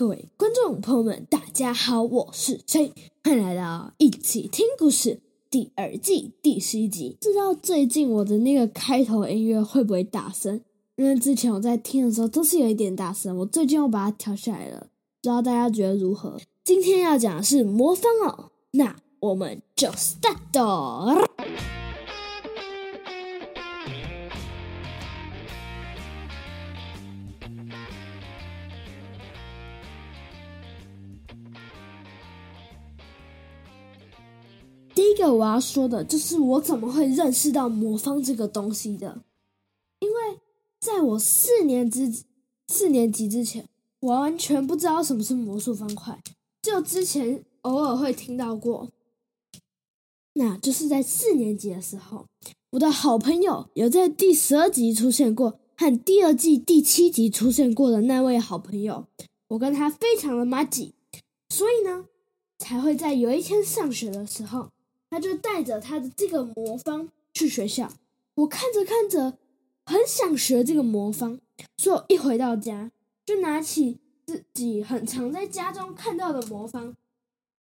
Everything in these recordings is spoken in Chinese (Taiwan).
各位觀眾朋友們，大家好，我是崔，歡迎來到一起聽故事第二季第十一集。不知道最近我的那個開頭音樂會不會大聲？因為之前我在聽的時候都是有一點大聲，我最近我把它調下來了，不知道大家覺得如何？今天要講的是魔方哦，那我們就開始。第一個我要說的就是我怎麼會認識到魔方這個東西的？因為在我四年之四年級之前，我完全不知道什麼是魔術方塊，就之前偶爾會聽到過。那就是在四年級的時候，我的好朋友有在第十二集出現過，和第二季第七集出現過的那位好朋友，我跟他非常的麻吉，所以呢，才會在有一天上學的時候。他就帶着他的這個魔方去學校。我看着看着，很想學這個魔方，所以我一回到家就拿起自己很常在家中看到的魔方，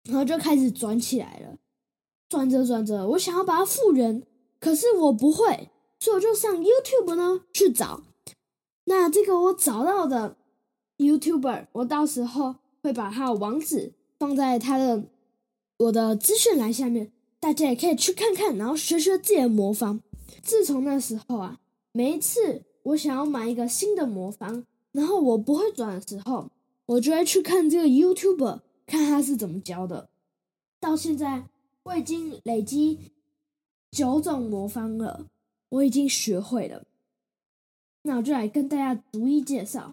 然後就開始轉起來了。轉着轉着，我想要把他復原，可是我不會，所以我就上 YouTube 呢去找。那這個我找到的 YouTuber，我到時候會把他的網址放在他的我的資訊欄下面。大家也可以去看看，然後學學自己的魔方。自從那時候啊，每一次我想要買一個新的魔方，然後我不會轉的時候，我就會去看這個 YouTube，看他是怎麼教的。到現在我已經累積九種魔方了，我已經學會了。那我就來跟大家逐一介紹。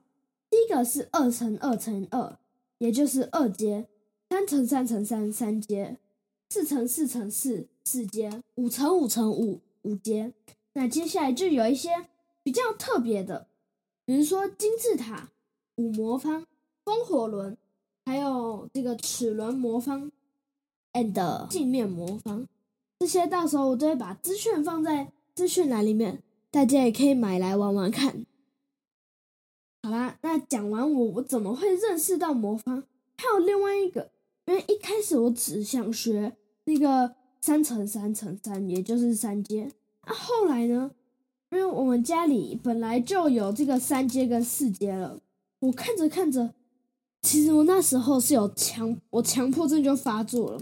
第一個是二乘二乘二，也就是二階；三乘三乘三，三階。四乘四乘四四階，五乘五乘五五階。那接下來就有一些比較特別的，比如說金字塔、五魔方、風火輪，還有這個齒輪魔方，and 鏡面魔方。這些到時候我都會把資訊放在資訊欄裡面，大家也可以買來玩玩看。好啦，那講完我，我怎麼會認識到魔方？還有另外一個。因為一開始我只想學那個三乘三乘三，也就是三階。那後來呢？因為我們家裡本來就有這個三階跟四階了。我看着看着，其實我那時候是有強，我強迫症就發作了。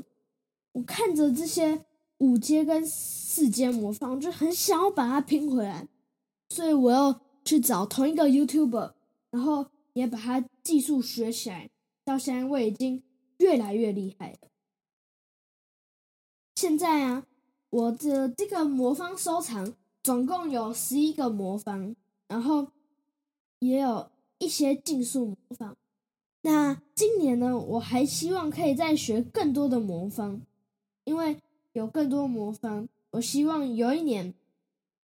我看着這些五階跟四階魔方，我就很想要把它拼回來。所以我要去找同一個 YouTuber，然後也把它技術學起來。到現在我已經。越來越厲害。現在啊，我的這個魔方收藏總共有十一個魔方，然後也有一些競速魔方。那今年呢，我還希望可以再學更多的魔方，因為有更多魔方，我希望有一年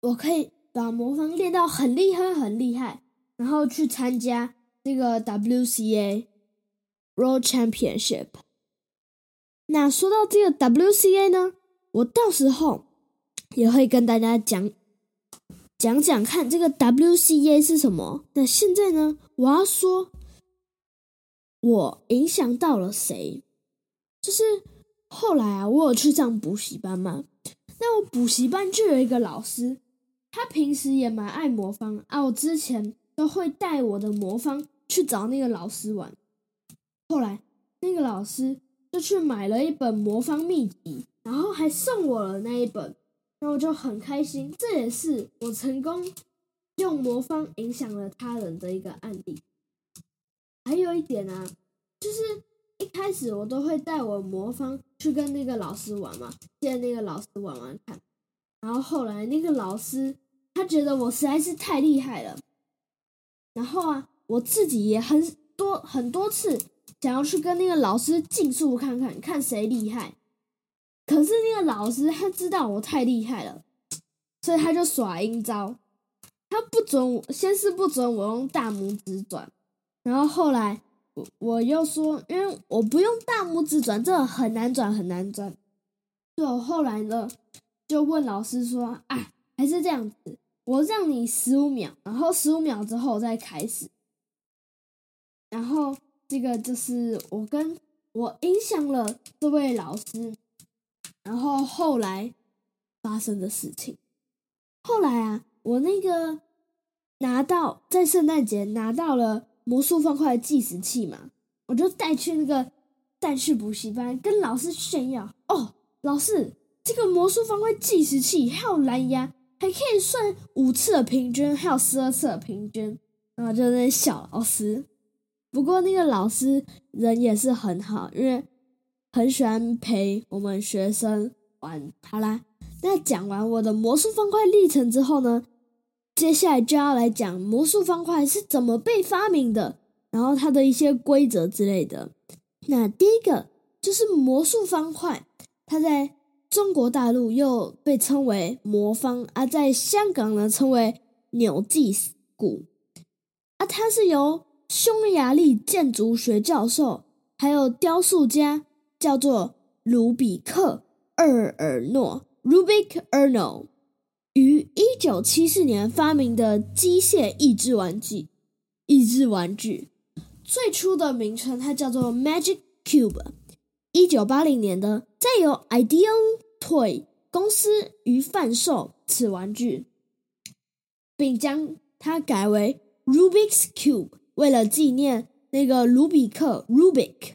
我可以把魔方練到很厲害、很厲害，然後去參加這個 WCA。World Championship。那說到這個 WCA 呢，我到時候也會跟大家講講講看這個 WCA 是什麼。那現在呢，我要說，我影響到了誰？就是後來啊，我有去上補習班嘛。那我補習班就有一個老師，他平時也蠻愛魔方啊。我之前都會帶我的魔方去找那個老師玩。後來，那個老師就去買了一本魔方秘籍，然後還送我了那一本，然後我就很開心。這也是我成功用魔方影響了他人的一個案例。還有一點啊，就是一開始我都會帶我魔方去跟那個老師玩嘛，借那個老師玩玩看。然後後來，那個老師他覺得我實在是太厲害了，然後啊，我自己也很多很多次。想要去跟那個老師競速看看看誰厲害，可是那個老師他知道我太厲害了，所以他就耍陰招。他不准我，先是不准我用大拇指轉，然後後來我我又說，因為我不用大拇指轉，這很難轉，很難轉。就後來呢，就問老師說：“啊，還是這樣子，我讓你十五秒，然後十五秒之後再開始。”然後。這個就是我跟我影響了這位老師，然後後來發生的事情。後來啊，我那個拿到在聖誕節拿到了魔術方塊的計時器嘛，我就帶去那個帶去補習班跟老師炫耀。哦，老師，這個魔術方塊計時器還有藍牙，還可以算五次的平均，還有十二次的平均。然後就那小老師。不過那個老師人也是很好，因為很喜歡陪我們學生玩。好啦，那講完我的魔術方塊歷程之後呢，接下來就要來講魔術方塊是怎麼被發明的，然後它的一些規則之類的。那第一個就是魔術方塊，它在中國大陸又被稱為魔方，啊，在香港呢稱為扭計骰，啊，它是由匈牙利建築學教授，還有雕塑家，叫做盧比克·厄爾諾 （Rubik Erno），於一九七四年發明的機械益智玩具。益智玩具最初的名稱它叫做 Magic Cube。一九八零年的，再由 Ideal Toy 公司於販售此玩具，並將它改為 Rubik's Cube。為了紀念那個盧比克 （Rubik）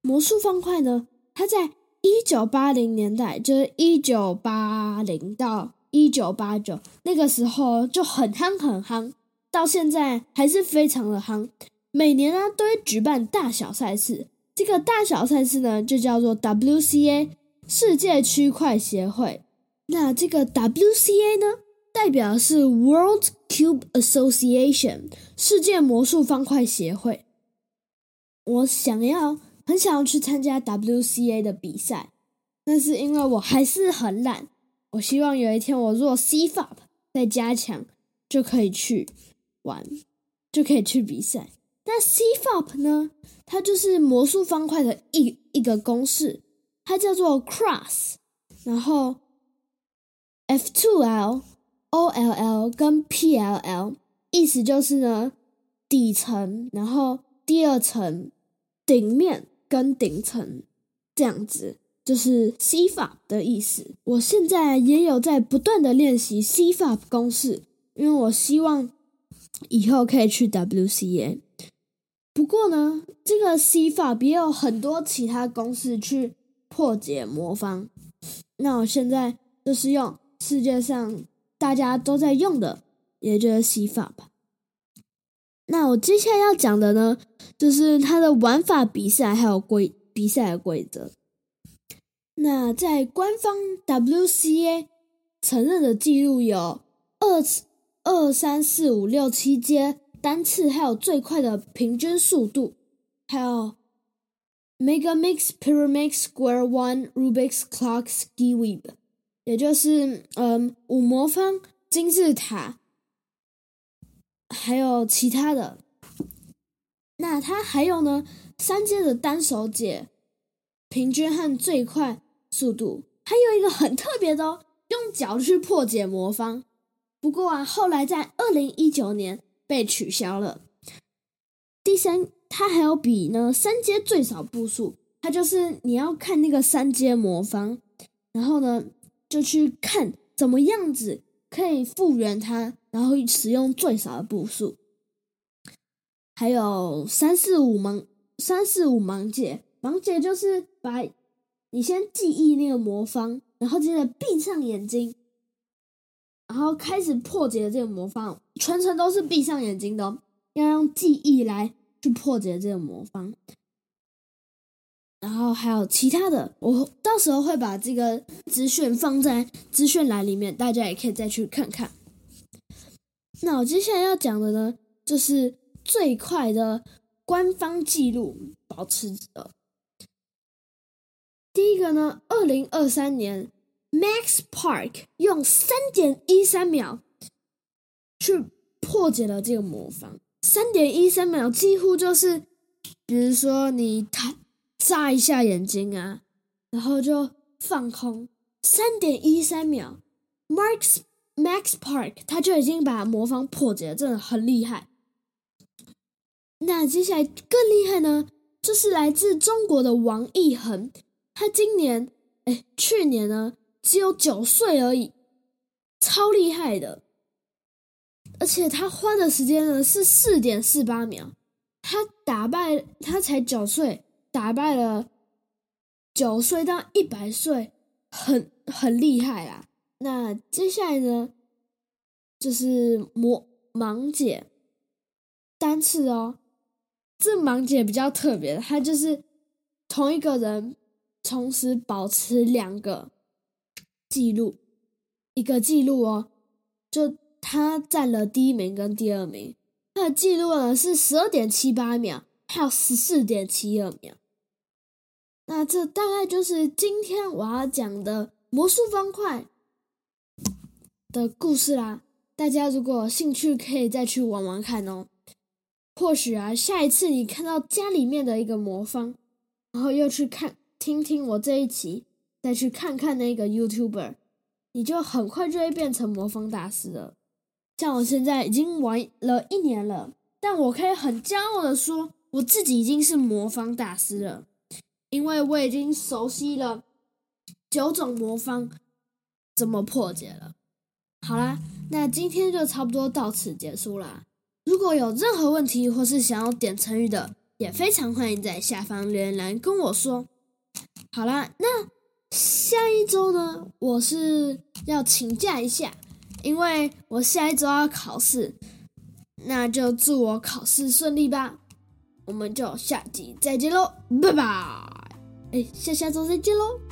魔術方塊呢，它在一九八零年代，就是一九八零到一九八九那個時候就很夯很夯，到現在還是非常的夯。每年呢都會舉辦大小賽事，這個大小賽事呢就叫做 WCA 世界區塊協會。那這個 WCA 呢？代表是 World Cube Association 世界魔術方塊協會。我想要，很想要去參加 WCA 的比賽，但是因為我還是很爛。我希望有一天我若 CFOP 再加強，就可以去玩，就可以去比賽。那 CFOP 呢？它就是魔術方塊的一一個公式，它叫做 Cross，然後 F2L。O L L 跟 P L L 意思就是呢，底層，然後第二層，頂面跟頂層這樣子，就是 CFOP 的意思。我現在也有在不斷的練習 CFOP 公式，因為我希望以後可以去 WCA。不過呢，這個 CFOP 也有很多其他公式去破解魔方。那我現在就是用世界上。大家都在用的，也就是 CFOP 吧。那我接下來要講的呢，就是它的玩法比、比賽還有規比賽規則。那在官方 WCA 承認的記錄有二、二、三、四、五、六、七階單次，還有最快的平均速度，還有 Megamix、Pyraminx、Square One Rub s s、Rubik's Clock、Skewb 也就是，嗯、呃，五魔方、金字塔，還有其他的。那它還有呢，三階的單手解，平均和最快速度，還有一個很特別的哦，用腳去破解魔方。不過啊，後來在二零一九年被取消了。第三，它還有比呢，三階最少步數，它就是你要看那個三階魔方，然後呢。就去看怎麼樣子可以復原它，然後使用最少的步數。還有三四五盲，三四五盲解，盲解就是把你先記憶那個魔方，然後接着閉上眼睛，然後開始破解這個魔方，全程都是閉上眼睛的，要用記憶來去破解這個魔方。然後還有其他的，我到時候會把這個資訊放在資訊欄裡面，大家也可以再去看看。那我接下來要講的呢，就是最快的官方記錄保持者。第一個呢，二零二三年，Max Park 用三點一三秒去破解了這個魔方。三點一三秒幾乎就是，比如說你他。眨一下眼睛啊，然後就放空三點一三秒，Max Max Park，他就已經把魔方破解了，真的很厲害。那接下來更厲害呢，就是來自中國的王一恆，他今年哎，去年呢只有九歲而已，超厲害的，而且他花的時間呢是四點四八秒，他打敗他才九歲。打敗了九歲到一百歲，很很厲害啦、啊。那接下來呢，就是魔盲解單次哦。這盲解比較特別，她就是同一個人同時保持兩個記錄，一個記錄哦，就她佔了第一名跟第二名。她的記錄呢是十二點七八秒。還有十四點七二秒，那這大概就是今天我要講的魔術方塊的故事啦。大家如果有興趣，可以再去玩玩看哦。或許啊，下一次你看到家裡面的一個魔方，然後又去看聽聽我這一集，再去看看那個 YouTuber，你就很快就會變成魔方大師了。像我現在已經玩了一年了，但我可以很驕傲的說。我自己已經是魔方大師了，因為我已經熟悉了九種魔方怎麼破解了。好啦，那今天就差不多到此結束啦。如果有任何問題或是想要點成語的，也非常歡迎在下方留言欄跟我說。好啦，那下一周呢，我是要請假一下，因為我下一周要考試。那就祝我考試順利吧。我們就下集再見嘍，拜拜！哎，下下周再見嘍。